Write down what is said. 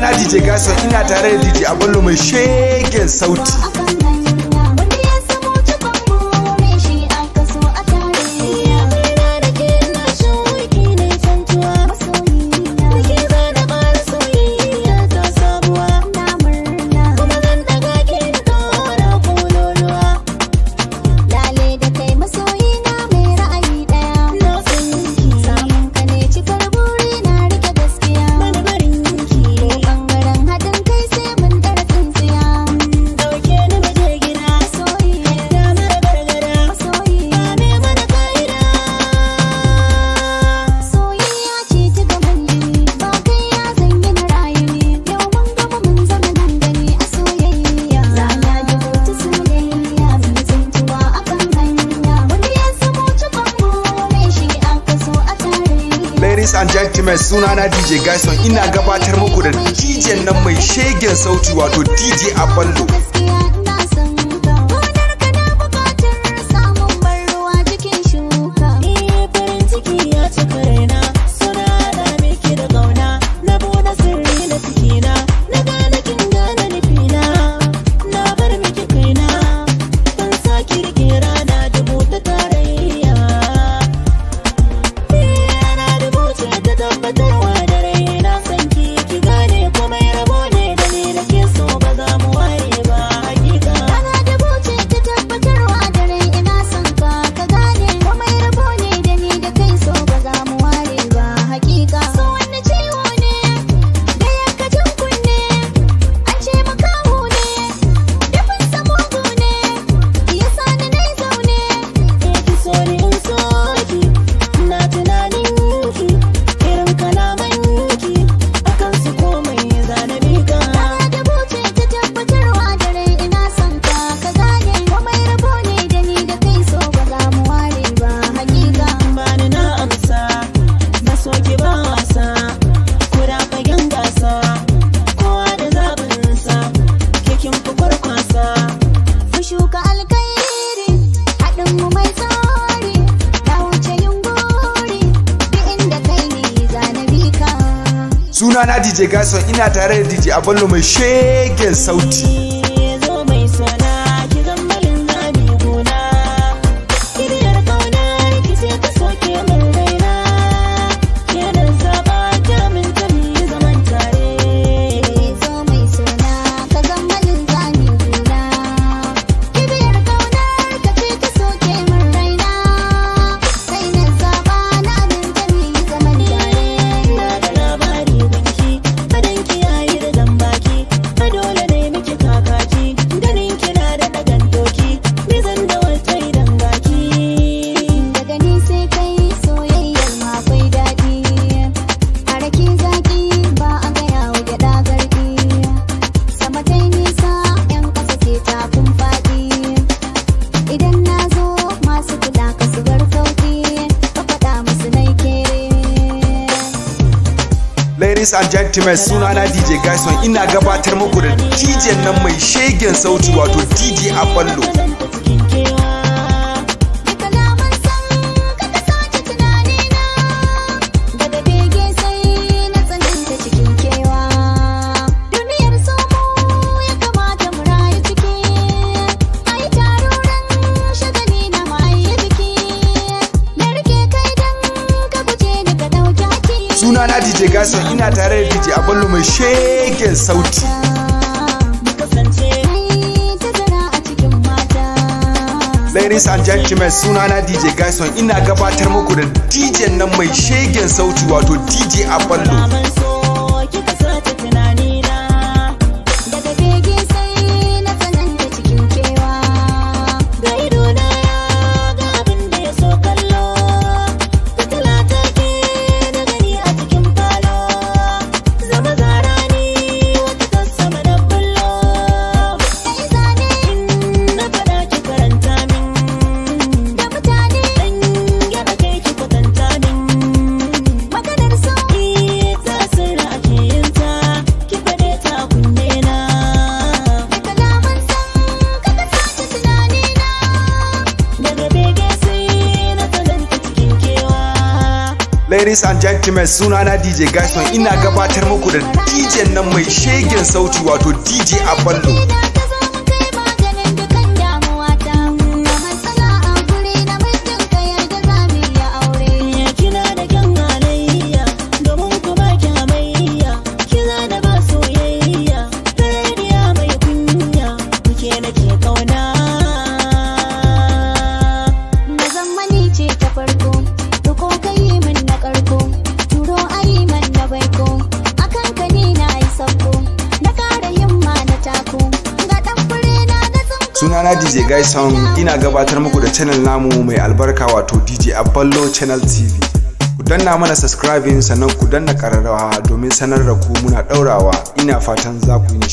na DJ Gasan ina tare da DJ Abullo mai shegen sauti. and gentlemen sunana DJ Gaison ina gabatar muku da DJ nan mai shegen sauti wato DJ Abando. suna na DJ Gason ina tare da DJ Abollo mai shegen sauti ladies and gentlemen sunana DJ Gaison ina gabatar muku da DJ nan mai shegen sauti wato DJ Aballo suna na DJ Gason ina tare da DJ Aballo mai shegen sauti. Ladies and gentlemen sunana DJ Gason ina gabatar muku da DJ nan mai shegen sauti wato DJ Aballo. ladies and gentlemen sunana DJ Gaston ina gabatar muku da DJ nan mai shegen sauti wato DJ Abando. sunana dj guy song ina gabatar muku da channel namu mai albarka wato dj aballo channel tv ku danna mana subscribing sannan ku danna kararrawa domin sanar da ku muna daurawa ina fatan za ku yi